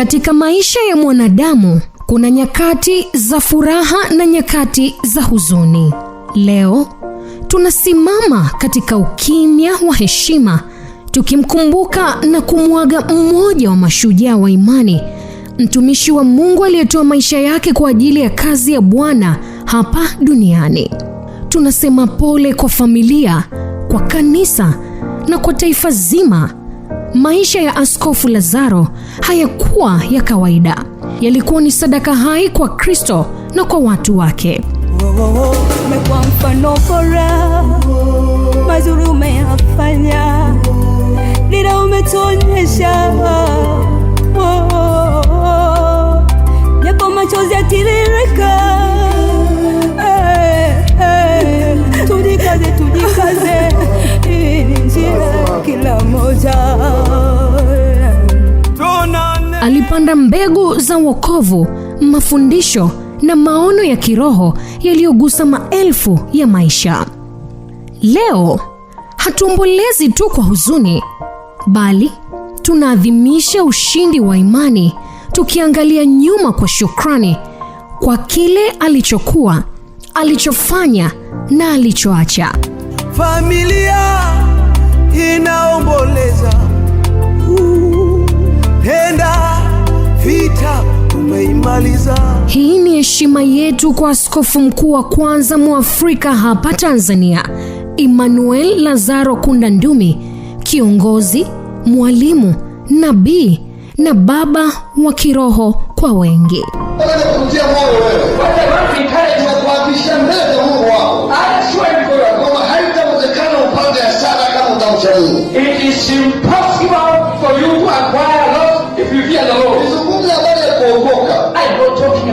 Katika maisha ya mwanadamu kuna nyakati za furaha na nyakati za huzuni. Leo tunasimama katika ukimya wa heshima tukimkumbuka na kumwaga mmoja wa mashujaa wa imani, mtumishi wa Mungu aliyetoa maisha yake kwa ajili ya kazi ya Bwana hapa duniani. Tunasema pole kwa familia, kwa kanisa na kwa taifa zima Maisha ya Askofu Lazaro hayakuwa ya kawaida, yalikuwa ni sadaka hai kwa Kristo na kwa watu wake. umekuwa mfano bora, mazuri umeyafanya, dira umetuonyesha. Oh, oh. kupanda mbegu za wokovu, mafundisho na maono ya kiroho yaliyogusa maelfu ya maisha. Leo hatuombolezi tu kwa huzuni, bali tunaadhimisha ushindi wa imani, tukiangalia nyuma kwa shukrani kwa kile alichokuwa, alichofanya na alichoacha. Familia inaomboleza upenda vita tumeimaliza. Hii ni heshima yetu kwa askofu mkuu wa kwanza Mwafrika hapa Tanzania, Emmanuel Lazaro Kunda Ndumi, kiongozi, mwalimu, nabii na baba wa kiroho kwa wengi. It is impossible for you to acquire love if you fear the Lord.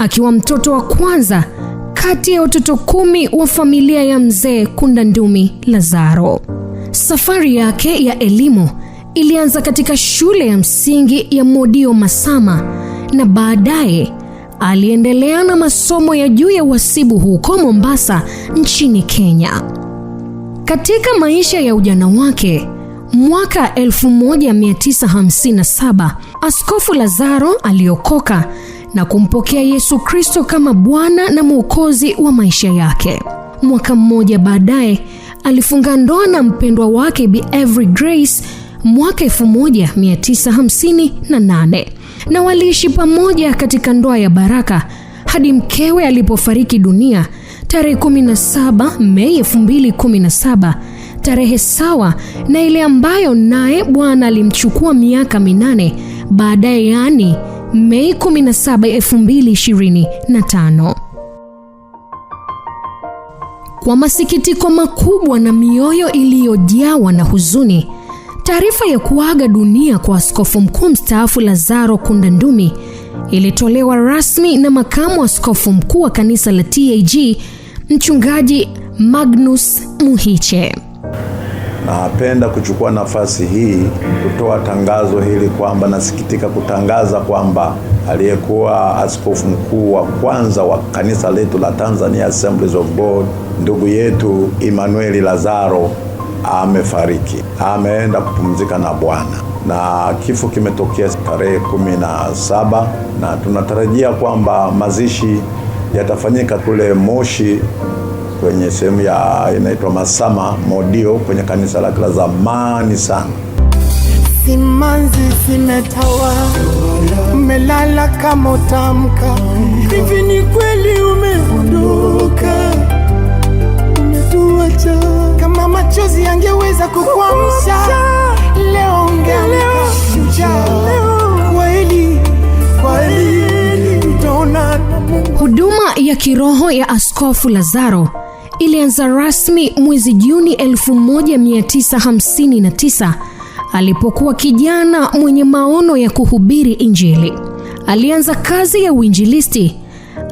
akiwa mtoto wa kwanza kati ya watoto kumi wa familia ya mzee Kunda Ndumi Lazaro. Safari yake ya elimu ilianza katika shule ya msingi ya Modio Masama na baadaye aliendelea na masomo ya juu ya uhasibu huko Mombasa nchini Kenya. Katika maisha ya ujana wake, mwaka 1957 Askofu Lazaro aliokoka na kumpokea Yesu Kristo kama Bwana na Mwokozi wa maisha yake. Mwaka mmoja baadaye alifunga ndoa na mpendwa wake Bi Every Grace mwaka 1958 na waliishi pamoja katika ndoa ya baraka hadi mkewe alipofariki dunia tarehe 17 Mei 2017, tarehe sawa na ile ambayo naye Bwana alimchukua miaka minane baadaye, yaani Mei 17, 2025. Kwa masikitiko makubwa na mioyo iliyojawa na huzuni, taarifa ya kuaga dunia kwa askofu mkuu mstaafu Lazaro Kundandumi ilitolewa rasmi na makamu askofu mkuu wa kanisa la TAG Mchungaji Magnus Muhiche. Napenda kuchukua nafasi hii kutoa tangazo hili kwamba nasikitika kutangaza kwamba aliyekuwa askofu mkuu wa kwanza wa kanisa letu la Tanzania Assemblies of God ndugu yetu Emmanuel Lazaro amefariki, ameenda kupumzika na Bwana, na kifo kimetokea tarehe kumi na saba na tunatarajia kwamba mazishi yatafanyika kule Moshi kwenye sehemu ya inaitwa Masama Modio kwenye kanisa lake la zamani sana. Simanzi zimetawa melala kama utamka hivi, ni kweli umeondoka, umetuacha. Kama machozi yangeweza kukwamsha leo, ungeleo shujaa. Kweli kweli, utaona huduma ya kiroho ya Askofu Lazaro ilianza rasmi mwezi Juni 1959 alipokuwa kijana mwenye maono ya kuhubiri Injili. Alianza kazi ya uinjilisti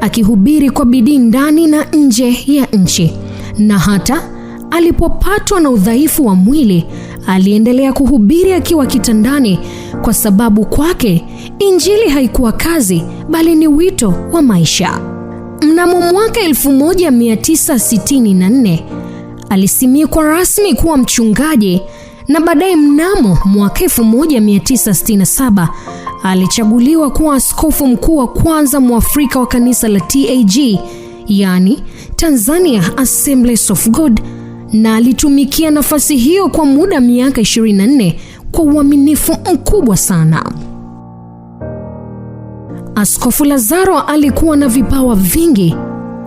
akihubiri kwa bidii ndani na nje ya nchi, na hata alipopatwa na udhaifu wa mwili aliendelea kuhubiri akiwa kitandani, kwa sababu kwake Injili haikuwa kazi, bali ni wito wa maisha. Mnamo mwaka 1964 alisimikwa rasmi kuwa mchungaji na baadaye mnamo mwaka 1967 alichaguliwa kuwa askofu mkuu wa kwanza mwafrika wa kanisa la TAG yaani Tanzania Assemblies of God na alitumikia nafasi hiyo kwa muda miaka 24 kwa uaminifu mkubwa sana. Askofu Lazaro alikuwa na vipawa vingi: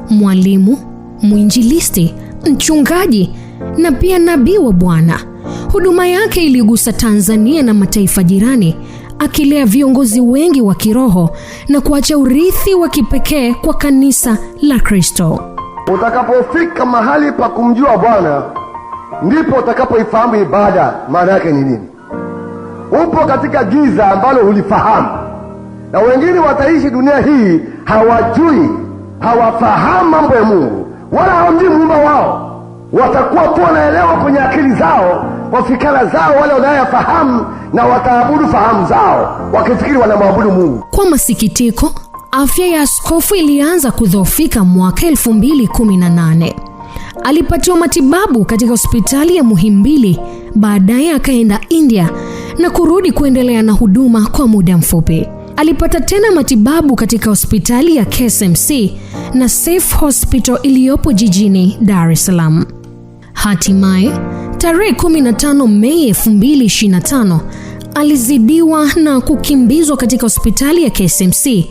mwalimu, mwinjilisti, mchungaji na pia nabii wa Bwana. Huduma yake iligusa Tanzania na mataifa jirani, akilea viongozi wengi wa kiroho na kuacha urithi wa kipekee kwa kanisa la Kristo. Utakapofika mahali pa kumjua Bwana ndipo utakapoifahamu ibada maana yake ni nini. Upo katika giza ambalo hulifahamu na wengine wataishi dunia hii hawajui, hawafahamu mambo ya Mungu wala hawamjui muumba wao. Watakuwa tu wanaelewa kwenye akili zao kwa fikara zao wale wanayoyafahamu, na wataabudu fahamu zao wakifikiri wanamwabudu Mungu. Kwa masikitiko, afya ya askofu ilianza kudhoofika mwaka 2018 alipatiwa matibabu katika hospitali ya Muhimbili, baadaye akaenda India na kurudi kuendelea na huduma kwa muda mfupi. Alipata tena matibabu katika hospitali ya KSMC na Safe Hospital iliyopo jijini Dar es Salaam. Hatimaye tarehe 15 Mei 2025 alizidiwa na kukimbizwa katika hospitali ya KSMC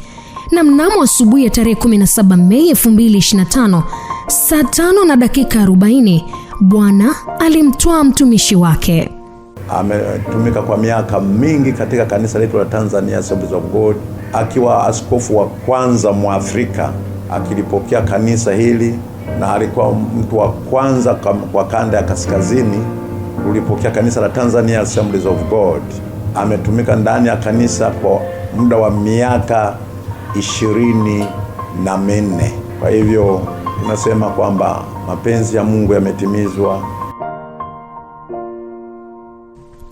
na mnamo asubuhi ya tarehe 17 Mei 2025 saa tano na dakika 40 Bwana alimtoa mtumishi wake ametumika kwa miaka mingi katika kanisa letu la Tanzania Assemblies of God, akiwa askofu wa kwanza Mwafrika akilipokea kanisa hili, na alikuwa mtu wa kwanza kwa kanda ya kaskazini kulipokea kanisa la Tanzania Assemblies of God. Ametumika ndani ya kanisa kwa muda wa miaka ishirini na minne. Kwa hivyo tunasema kwamba mapenzi ya Mungu yametimizwa.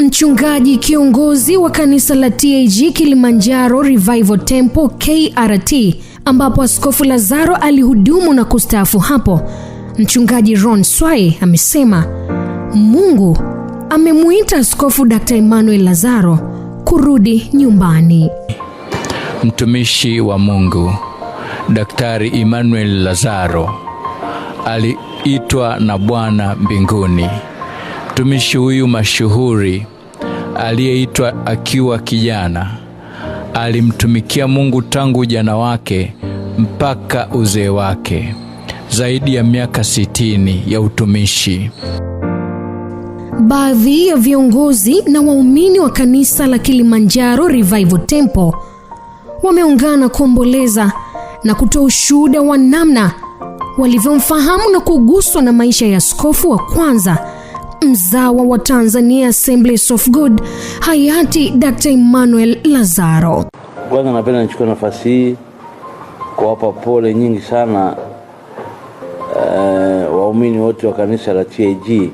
Mchungaji kiongozi wa kanisa la TAG Kilimanjaro Revival Temple KRT, ambapo Askofu Lazaro alihudumu na kustaafu hapo. Mchungaji Ron Swai amesema Mungu amemuita Askofu Dr. Emmanuel Lazaro kurudi nyumbani. Mtumishi wa Mungu Daktari Emmanuel Lazaro aliitwa na Bwana mbinguni. Mtumishi huyu mashuhuri aliyeitwa akiwa kijana. Alimtumikia Mungu tangu ujana wake mpaka uzee wake, zaidi ya miaka sitini ya utumishi. Baadhi ya viongozi na waumini wa kanisa la Kilimanjaro Revival Temple wameungana kuomboleza na kutoa ushuhuda wa namna walivyomfahamu na kuguswa na maisha ya askofu wa kwanza mzawa wa Tanzania Assemblies of God hayati Dr. Emmanuel Lazaro. Kwanza napenda nichukue nafasi hii kuwapa pole nyingi sana eh, waumini wote wa kanisa la TAG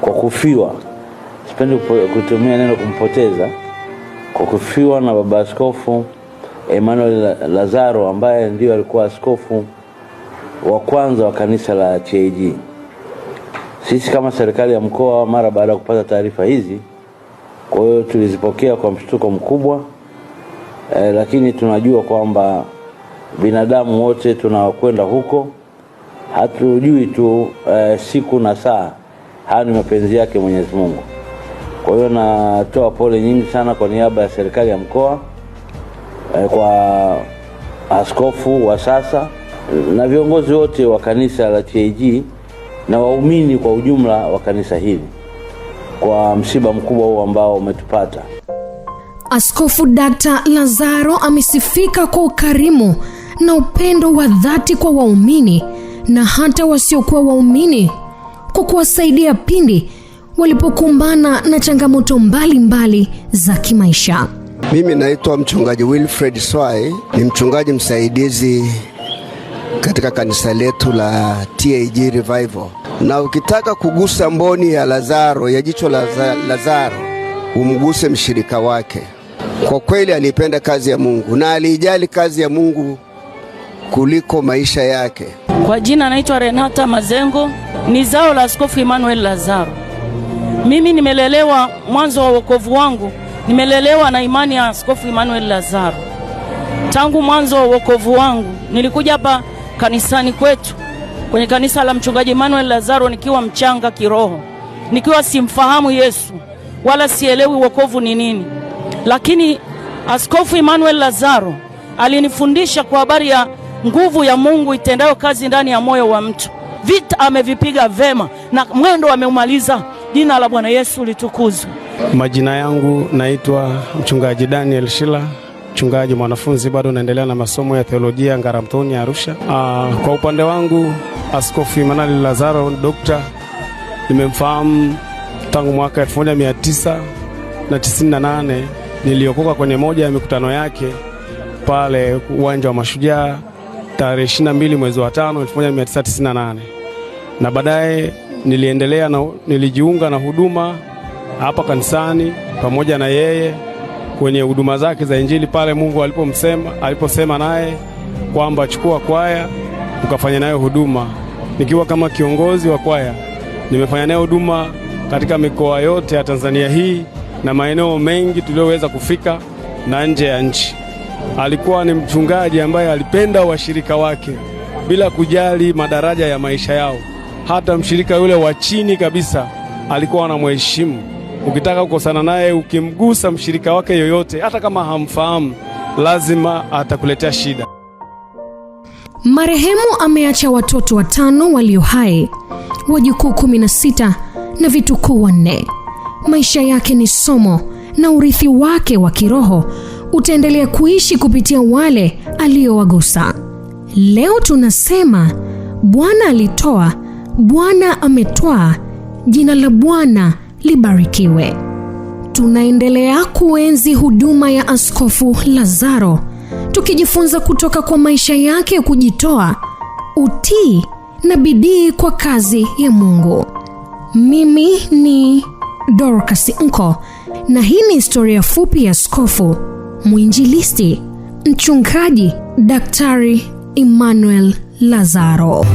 kwa kufiwa. Sipendi kutumia neno kumpoteza, kwa kufiwa na baba askofu Emmanuel Lazaro ambaye ndio alikuwa askofu wa kwanza wa kanisa la TAG. Sisi kama serikali ya mkoa, mara baada ya kupata taarifa hizi, kwa hiyo tulizipokea kwa mshtuko mkubwa e, lakini tunajua kwamba binadamu wote tunakwenda huko, hatujui tu e, siku na saa. Haya ni mapenzi yake Mwenyezi Mungu. Kwa hiyo natoa pole nyingi sana kwa niaba ya serikali ya mkoa e, kwa askofu wa sasa na viongozi wote wa kanisa la TAG na waumini kwa ujumla wa kanisa hili kwa msiba mkubwa huu ambao umetupata. Askofu Dr. Lazaro amesifika kwa ukarimu na upendo wa dhati kwa waumini na hata wasiokuwa waumini kwa kuwasaidia pindi walipokumbana na changamoto mbalimbali mbali za kimaisha. Mimi naitwa mchungaji Wilfred Swai, ni mchungaji msaidizi katika kanisa letu la TAG Revival. Na ukitaka kugusa mboni ya Lazaro, ya jicho la Lazaro, umguse mshirika wake. Kwa kweli aliipenda kazi ya Mungu na aliijali kazi ya Mungu kuliko maisha yake. Kwa jina naitwa Renata Mazengo, ni zao la Askofu Emmanuel Lazaro. Mimi nimelelewa mwanzo wa wokovu wangu, nimelelewa na imani ya Askofu Emmanuel Lazaro. Tangu mwanzo wa wokovu wangu nilikuja hapa kanisani kwetu kwenye kanisa la mchungaji Emmanuel Lazaro nikiwa mchanga kiroho, nikiwa simfahamu Yesu wala sielewi wokovu ni nini, lakini Askofu Emmanuel Lazaro alinifundisha kwa habari ya nguvu ya Mungu itendayo kazi ndani ya moyo wa mtu. Vita amevipiga vema na mwendo ameumaliza. Jina la Bwana Yesu litukuzwe. Majina yangu naitwa mchungaji Daniel Shila mchungaji mwanafunzi, bado naendelea na masomo ya teolojia Ngaramtoni Arusha. Aa, ah, kwa upande wangu Askofu Imanali Lazaro dokta nimemfahamu tangu mwaka 1998 niliokoka kwenye moja ya mikutano yake pale uwanja wa Mashujaa tarehe 22 mwezi wa 5 1998, na baadaye niliendelea na, nilijiunga na huduma hapa kanisani pamoja na yeye kwenye huduma zake za Injili pale Mungu alipomsema aliposema naye kwamba chukua kwaya ukafanya nayo huduma. Nikiwa kama kiongozi wa kwaya, nimefanya nayo huduma katika mikoa yote ya Tanzania hii na maeneo mengi tuliyoweza kufika na nje ya nchi. Alikuwa ni mchungaji ambaye alipenda washirika wake bila kujali madaraja ya maisha yao. Hata mshirika yule wa chini kabisa alikuwa anamheshimu. Ukitaka kukosana naye, ukimgusa mshirika wake yoyote, hata kama hamfahamu, lazima atakuletea shida. Marehemu ameacha watoto watano walio hai, wajukuu kumi na sita na vitukuu wanne. Maisha yake ni somo na urithi wake wa kiroho utaendelea kuishi kupitia wale aliowagusa. Leo tunasema Bwana alitoa, Bwana ametwaa, jina la Bwana libarikiwe. Tunaendelea kuenzi huduma ya Askofu Lazaro, tukijifunza kutoka kwa maisha yake ya kujitoa, utii na bidii kwa kazi ya Mungu. Mimi ni Dorcas Nko na hii ni historia fupi ya askofu mwinjilisti mchungaji Daktari Emmanuel Lazaro.